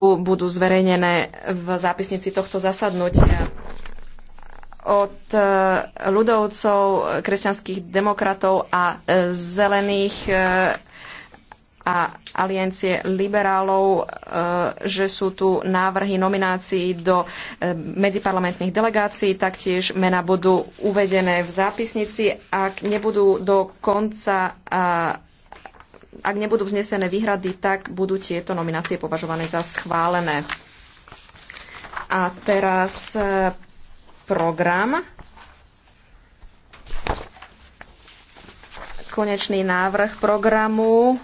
budú zverejnené v zápisnici tohto zasadnutia. Od e, ľudovcov, kresťanských demokratov a e, zelených e, a aliancie liberálov, že sú tu návrhy nominácií do medziparlamentných delegácií, taktiež mena budú uvedené v zápisnici. Ak nebudú do konca ak nebudú vznesené výhrady, tak budú tieto nominácie považované za schválené. A teraz e, program. Konečný návrh programu.